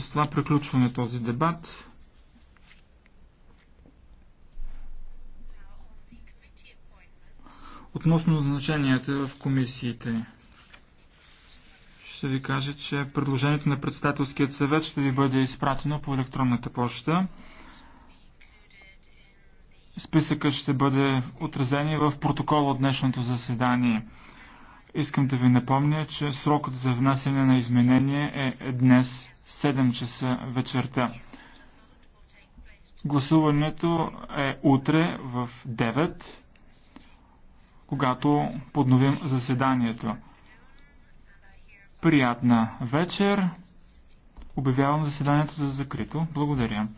С това приключваме този дебат. Относно значенията в комисиите, ще ви кажа, че предложението на председателският съвет ще ви бъде изпратено по електронната почта. Списъкът ще бъде отразен в протокола от днешното заседание. Искам да ви напомня, че срокът за внасяне на изменение е днес 7 часа вечерта. Гласуването е утре в 9, когато подновим заседанието. Приятна вечер! Обявявам заседанието за закрито. Благодаря.